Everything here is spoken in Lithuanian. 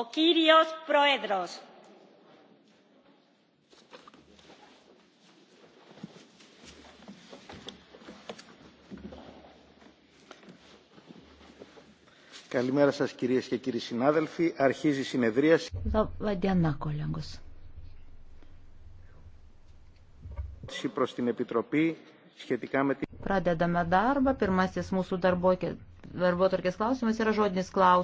ο κύριος Πρόεδρος. Καλημέρα σας κυρίες και κύριοι συνάδελφοι. Αρχίζει η συνεδρίαση. Labą dieną, kolegos. Προς την Επιτροπή σχετικά με την... Pradedame darbą. Pirmasis mūsų darbo, darbo tarkės klausimas yra žodinis klausimas.